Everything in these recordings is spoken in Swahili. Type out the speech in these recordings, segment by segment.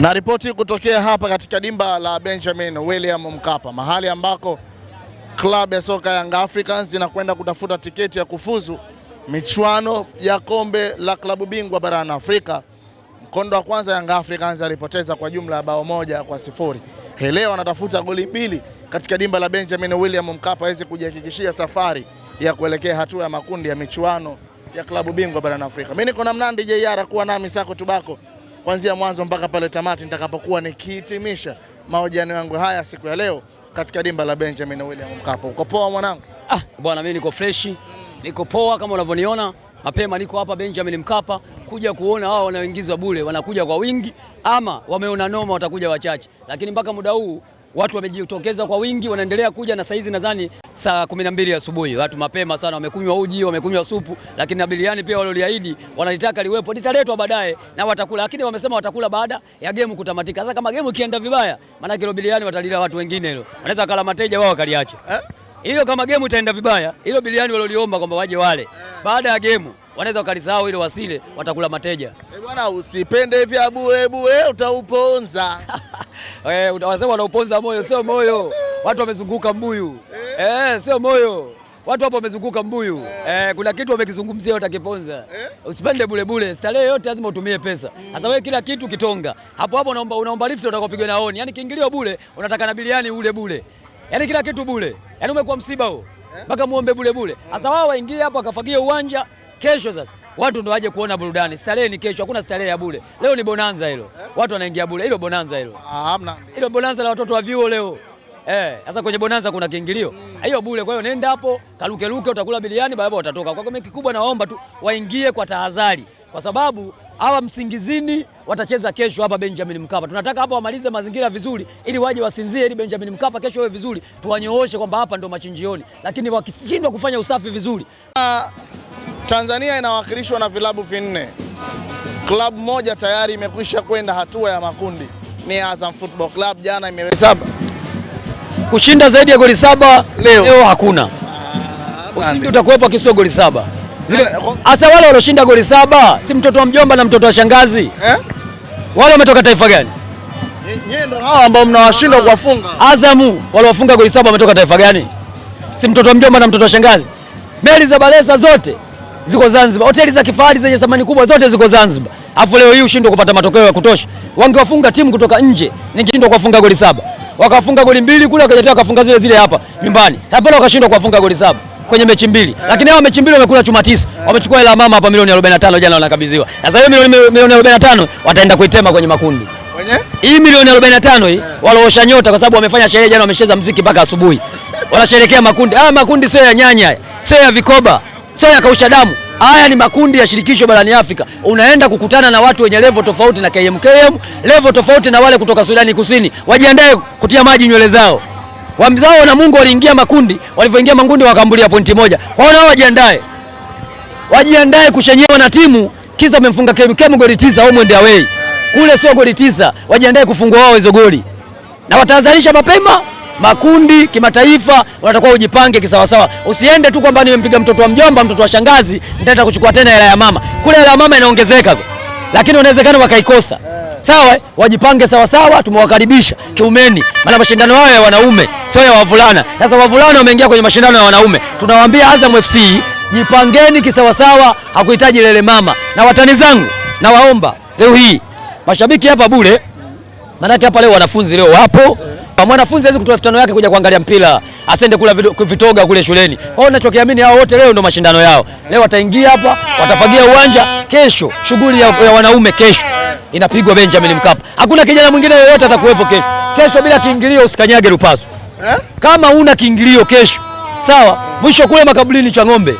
Na ripoti kutokea hapa katika dimba la Benjamin William Mkapa, mahali ambako klabu ya soka Young Africans inakwenda kutafuta tiketi ya kufuzu michuano ya kombe la klabu bingwa barani Afrika. Mkondo wa kwanza Young Africans alipoteza kwa jumla ya bao moja kwa sifuri. Hii leo anatafuta goli mbili katika dimba la Benjamin William Mkapa aweze kujihakikishia safari ya kuelekea hatua ya makundi ya michuano ya klabu bingwa barani Afrika. Mimi niko na Mnandi JR, kuwa nami sako tubako kuanzia mwanzo mpaka pale tamati nitakapokuwa nikihitimisha mahojiano yangu haya siku ya leo katika dimba la Benjamin William Mkapa. Uko poa mwanangu? Ah, bwana mimi niko freshi, niko poa kama unavyoniona mapema niko hapa Benjamin Mkapa kuja kuona wao wanaoingizwa bure wanakuja kwa wingi, ama wameona noma watakuja wachache, lakini mpaka muda huu watu wamejitokeza kwa wingi, wanaendelea kuja na saizi nadhani saa kumi na mbili asubuhi watu mapema sana wamekunywa uji, wamekunywa supu, lakini na biliani pia walioliahidi wanalitaka liwepo, litaletwa baadaye na watakula, lakini wamesema watakula baada ya gemu kutamatika. Sasa kama gemu ikienda vibaya, maana kilo biliani watalila watu wengine, hilo wanaweza kala mateja wao wakaliacha eh? hilo. Kama gemu itaenda vibaya, hilo biliani waloliomba kwamba waje wale eh. baada ya gemu wanaweza wakalisahau ile wasile, watakula mateja. Eh bwana, usipende vya bure bure, utauponza eh, utasema wanauponza moyo, sio moyo. Watu wamezunguka mbuyu eh, eh sio moyo watu hapo wamezunguka mbuyu yeah. Eh, kuna kitu wamekizungumzia watakiponza yeah. Usipende bure bure, starehe yote lazima utumie pesa mm. hasa mm. Wewe kila kitu kitonga hapo hapo, unaomba unaomba lift utakopigwa na honi, Yaani kiingilio bure, unataka na biliani ule bure. Yaani kila kitu bure. Yaani umekuwa msiba huo eh? mpaka yeah. Muombe bure bulebule mm. hasa wao waingie hapo akafagia uwanja Kesho sasa watu ndo waje kuona burudani. Starehe ni kesho, hakuna starehe ya bure. Leo ni bonanza hilo, eh? watu wanaingia bure. Hilo bonanza hilo, ah, hamna hilo bonanza la watoto wa vyuo leo. Eh, sasa kwenye bonanza kuna kiingilio hmm. hiyo bure. Kwa hiyo nenda hapo karuke ruke, utakula biliani, baba watatoka. Kwa kama kikubwa Naomba tu waingie kwa tahadhari, kwa sababu hawa msingizini watacheza kesho hapa Benjamin Mkapa. Tunataka hapa wamalize mazingira vizuri, ili waje wasinzie, ili Benjamin Mkapa kesho iwe vizuri, tuwanyooshe kwamba hapa ndo machinjioni, lakini wakishindwa kufanya usafi vizuri uh... Tanzania inawakilishwa na vilabu vinne. Klabu moja tayari imekwisha kwenda hatua ya makundi ni Azam Football Club, jana imeweza saba kushinda zaidi ya goli saba. Leo, leo hakuna ah, ushindi utakuwepo kisio goli saba eh, hasa wale walioshinda goli saba si mtoto wa mjomba na mtoto wa shangazi eh? Wale wametoka taifa gani? Yeye ndo hao ambao mnawashinda ah. kuwafunga. Azamu waliofunga goli saba wametoka taifa gani? Si mtoto wa mjomba na mtoto wa shangazi. Meli za Balesa zote ziko Zanzibar, hoteli za kifahari zenye thamani kubwa zote ziko Zanzibar, afu leo hii ushindwe kupata matokeo ya kutosha. Wangewafunga timu kutoka nje, ningeshindwa kuwafunga goli saba, wakafunga goli mbili kule, wakajatia wakafunga zile zile hapa nyumbani, hapana, wakashindwa kuwafunga goli saba kwenye mechi mbili yeah. Lakini hao mechi mbili wamekula chuma tisa yeah. Wamechukua hela mama hapa milioni 45 jana wanakabidhiwa. Sasa hiyo milioni milioni 45 wataenda kuitema kwenye makundi kwenye hii milioni 45 hii yeah. Waloosha nyota kwa sababu wamefanya sherehe jana, wamecheza mziki mpaka asubuhi, wanasherekea makundi Ah, Makundi sio ya nyanya, sio ya vikoba sio kausha damu. Haya ni makundi ya shirikisho barani Afrika. Unaenda kukutana na watu wenye levo tofauti na KMKM, levo tofauti na wale kutoka Sudani Kusini. Wajiandae kutia maji nywele zao. Wamzao na Mungu waliingia makundi, walivyoingia makundi wakambulia pointi moja. Kwa hiyo nao wajiandae. Wajiandae kushenyewa na timu kisa amemfunga KMKM goli tisa home and away. Kule sio goli tisa, wajiandae kufungwa wao hizo goli. Na watazalisha mapema makundi kimataifa, wanatakiwa ujipange kisawasawa. Usiende tu kwamba nimempiga mtoto wa mjomba, mtoto wa shangazi, nitaenda kuchukua tena hela ya mama. Kule hela ya mama inaongezeka, lakini unawezekana wakaikosa. Sawa, wajipange sawasawa. Tumewakaribisha kiumeni, maana mashindano hayo ya wanaume sio ya wavulana. Sasa wavulana wameingia kwenye mashindano ya wanaume, tunawaambia Azam FC jipangeni kisawasawa, hakuhitaji lele mama. Na watani zangu nawaomba leo hii mashabiki hapa bure, maanake hapa leo wanafunzi leo wapo mwanafunzi hawezi kutoa vitano yake kuja kuangalia mpira, asende kula vitoga kule shuleni. hiyo nachokiamini hao wote leo ndo mashindano yao. Leo wataingia hapa, watafagia uwanja, kesho shughuli ya, ya wanaume kesho inapigwa Benjamin Mkapa. Hakuna kijana mwingine yoyote atakuwepo kesho. Kesho bila kiingilio usikanyage Lupaso. Eh? Kama una kiingilio kesho, sawa? Mwisho kule makaburini cha ng'ombe.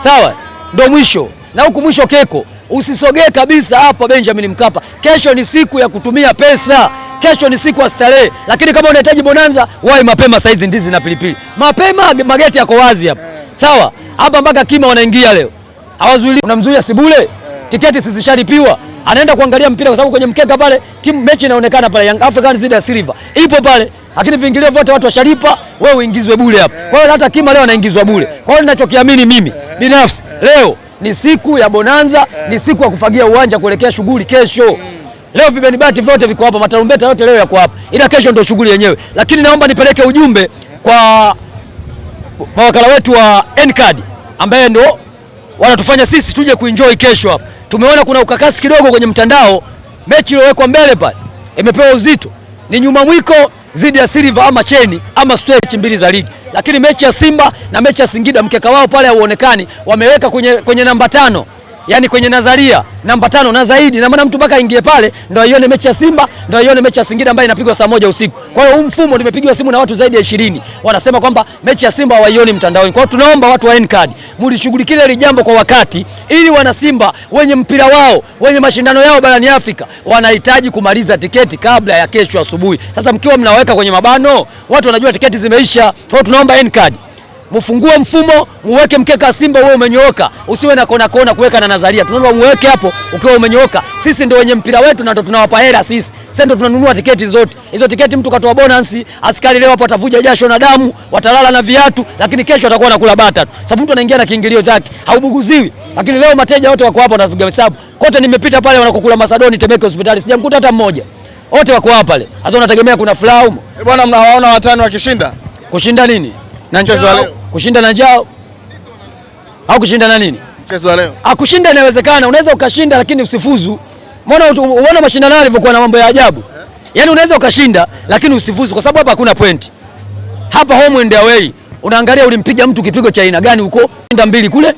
Sawa? Ndio mwisho. Na huku mwisho keko. Usisogee kabisa hapa Benjamin Mkapa. Kesho ni siku ya kutumia pesa. Kesho ni siku ya starehe, lakini kama unahitaji bonanza, wahi mapema. Saizi ndizi na pilipili mapema, mageti yako wazi hapa, yeah. sawa hapa mpaka kima wanaingia leo, hawazuili. Unamzuia sibule yeah. tiketi zisishalipiwa anaenda kuangalia mpira kwa sababu kwenye mkeka pale timu mechi inaonekana pale Young African zidi ya Silver ipo pale, lakini viingilio vyote watu washalipa, wewe uingizwe bure hapa. Kwa hiyo hata kima leo anaingizwa bure. Kwa hiyo ninachokiamini mimi binafsi, leo ni siku ya bonanza, ni siku ya kufagia uwanja kuelekea shughuli kesho. Leo vibenibati vyote viko hapa, matarumbeta yote leo yako hapa, ila kesho ndio shughuli yenyewe. Lakini naomba nipeleke ujumbe kwa mawakala wetu wa Ncard ambaye ndio wanatufanya sisi tuje kuenjoy kesho hapa. Tumeona kuna ukakasi kidogo kwenye mtandao, mechi iliyowekwa mbele pale imepewa uzito, ni nyuma mwiko zidi ya Silva ama cheni ama stretch mbili za ligi, lakini mechi ya Simba na mechi ya Singida mkeka wao pale hauonekani, wameweka kwenye, kwenye namba tano yani kwenye nadharia namba tano na zaidi, na maana mtu mpaka aingie pale ndo aione mechi ya Simba ndo aione mechi ya Singida ambayo inapigwa saa moja usiku. Kwa hiyo huu mfumo, nimepigiwa simu na watu zaidi ya ishirini wanasema kwamba mechi ya Simba hawaioni mtandaoni. Kwa hiyo tunaomba watu wa Ncard mlishughulikie hili jambo kwa wakati, ili wana Simba wenye mpira wao wenye mashindano yao barani Afrika wanahitaji kumaliza tiketi kabla ya kesho asubuhi. Sasa mkiwa mnaweka kwenye mabano, watu wanajua tiketi zimeisha. Kwa hiyo tunaomba Ncard mfungue mfumo, muweke mkeka wa Simba uwe umenyooka, usiwe na kona kona kuweka na nadharia. Tunaomba muweke hapo ukiwa umenyooka. Sisi ndio wenye mpira wetu na ndio tunawapa hela sisi. Sasa ndio tunanunua tiketi zote. Hizo tiketi mtu katoa bonus, askari leo hapo atavuja jasho na damu, watalala na viatu, lakini kesho atakuwa anakula bata tu. Sababu mtu anaingia na kiingilio chake, haubuguziwi. Lakini leo mateja wote wako hapo wanapiga hesabu. Kote nimepita pale wanakokula masadoni Temeke hospitali. Sijamkuta hata mmoja. Wote wako hapa leo. Sasa unategemea kuna flaumu? Eh, bwana mnawaona watani wakishinda? Kushinda nini? Na mchezo leo kushinda na njao au kushinda na nini? Mchezo wa leo. akushinda ah, inawezekana, unaweza ukashinda lakini usifuzu. Mbona uone mashindano yalivyokuwa na mambo ya ajabu? yani unaweza ukashinda lakini usifuzu kwa sababu hapa hakuna point. Hapa home and away. Unaangalia ulimpiga mtu kipigo cha aina gani huko? Shinda mbili kule,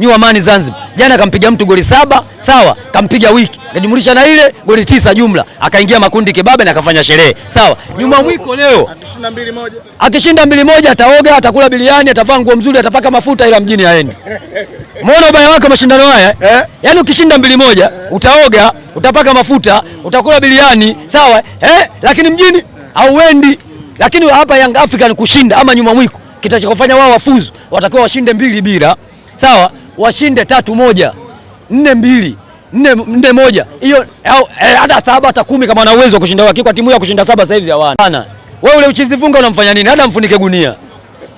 New Amani Zanzibar jana kampiga mtu goli saba, sawa, kampiga wiki akajumlisha na ile goli tisa jumla, akaingia makundi kibabe na akafanya sherehe, sawa. Nyuma mwiko leo akishinda mbili moja, Akishinda mbili moja ataoga atakula biliani, atavaa nguo nzuri, atapaka mafuta, ila mjini aende. Muona ubaya wako mashindano haya eh? eh? Yaani ukishinda mbili moja, utaoga utapaka mafuta, utakula biliani, sawa eh? Lakini mjini hauendi. Lakini hapa Young African kushinda ama nyuma mwiko kitachofanya wao wafuzu, watakiwa washinde mbili bila, sawa washinde tatu moja nne mbili nne, nne moja hiyo eh, hata e, saba hata kumi kama ana uwezo wa kushinda wake kwa timu ya kushinda saba sasa hivi hawana. Wewe ule uchizi funga unamfanya nini? Hata mfunike gunia.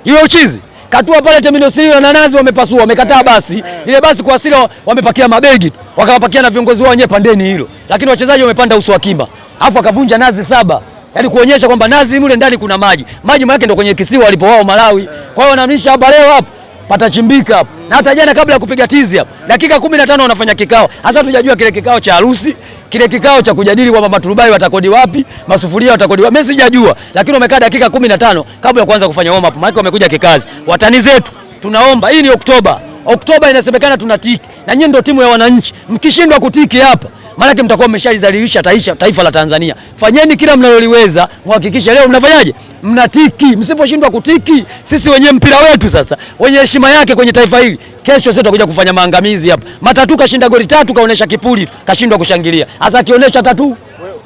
hiyo uchizi katua pale Terminal C na Nanazi wamepasua, wamekataa basi. Ile basi kwa asili wamepakia mabegi tu. Wakawapakia na viongozi wao wenyewe pandeni hilo. Lakini wachezaji wamepanda uso wa kima. afu akavunja nazi saba. Yaani kuonyesha kwamba nazi mule ndani kuna maji. Maji maana ndio kwenye kisiwa walipo wao Malawi. Kwa hiyo wanaamnisha hapa leo hapo patachimbika hapo. Na hata jana kabla ya kupiga tizi hapo, dakika 15 wanafanya kikao. Hasa tujajua kile kikao cha harusi, kile kikao cha kujadili kwamba maturubai watakodi wapi, masufuria watakodi wapi. Mimi sijajua, lakini wamekaa dakika 15 kabla ya kuanza kufanya warm up. Maana wamekuja kikazi. Watani zetu, tunaomba hii ni Oktoba. Oktoba inasemekana tunatiki. Na nyinyi ndio timu ya wananchi. Mkishindwa kutiki hapa maanake mtakuwa mmeshalizalilisha taifa, taifa la Tanzania. Fanyeni kila mnaloliweza, muhakikishe leo mnafanyaje, mnatiki. Msiposhindwa kutiki, sisi wenye mpira wetu sasa, wenye heshima yake kwenye taifa hili, kesho sisi tutakuja kufanya maangamizi hapa. Matatu kashinda goli tatu, kaonesha kipuli, tu, kashindwa kushangilia. Sasa akionyesha tatu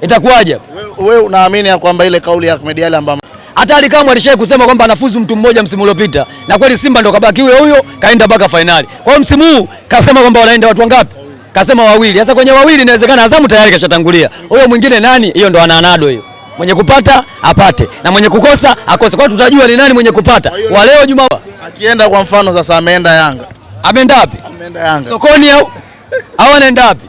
itakuwaje? Wewe unaamini ya kwamba ile kauli ya Ahmed Ally ambayo hata Ally Kamwe alishaye kusema kwamba anafuzu mtu mmoja msimu uliopita, na kweli Simba ndo kabaki huyo huyo, kaenda mpaka fainali. Kwa hiyo msimu huu kasema kwamba wanaenda watu wangapi? kasema wawili. Sasa kwenye wawili inawezekana Azamu tayari kashatangulia. Huyo mwingine nani? Hiyo ndo ananado hiyo. Mwenye kupata apate na mwenye kukosa akose. Kwa tutajua ni nani mwenye kupata. Wa leo Juma akienda kwa mfano sasa ameenda Yanga. Ameenda wapi? Ameenda Yanga. Sokoni au au anaenda wapi?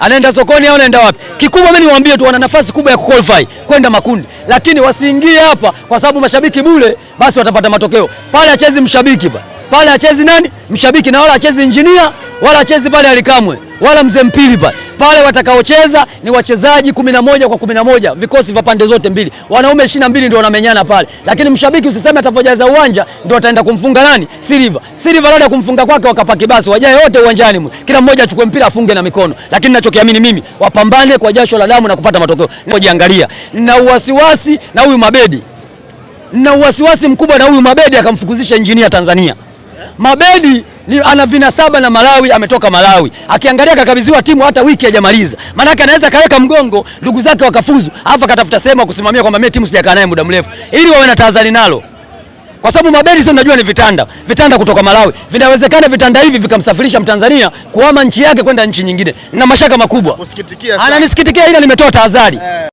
Anaenda sokoni au anaenda wapi? Kikubwa mimi niwaambie tu wana nafasi kubwa ya qualify kwenda makundi. Lakini wasiingie hapa kwa sababu mashabiki bure basi watapata matokeo. Pale achezi mshabiki ba. Pale achezi nani? Mshabiki na wala achezi injinia wala achezi pale alikamwe wala mzee mpili pale pale. Watakaocheza ni wachezaji kumi na moja kwa kumi na moja, vikosi vya pande zote mbili, wanaume ishirini na mbili ndio wanamenyana pale. Lakini mshabiki usiseme atavojaza uwanja ndio ataenda kumfunga nani? Silva. Silva baada ya kumfunga kwake wakapaki basi, wajae wote uwanjani mwe, kila mmoja achukue mpira afunge na mikono. Lakini nachokiamini mimi, wapambane kwa jasho la damu na kupata matokeo. Ngojiangalia na uwasiwasi na huyu Mabedi na uwasiwasi mkubwa na huyu Mabedi akamfukuzisha injinia Tanzania. Mabedi ni ana vinasaba na Malawi, ametoka Malawi, akiangalia kakabidhiwa timu hata wiki hajamaliza. Maana yake anaweza kaweka mgongo ndugu zake wakafuzu, alafu katafuta sehemu kusimamia kwamba mimi timu sijakaa naye muda mrefu, ili wawe na tahadhari nalo, kwa sababu Mabedi sio, najua ni vitanda vitanda kutoka Malawi, vinawezekana vitanda hivi vikamsafirisha Mtanzania kuhama nchi yake kwenda nchi nyingine, na mashaka makubwa. Ananisikitikia, ila nimetoa tahadhari eh.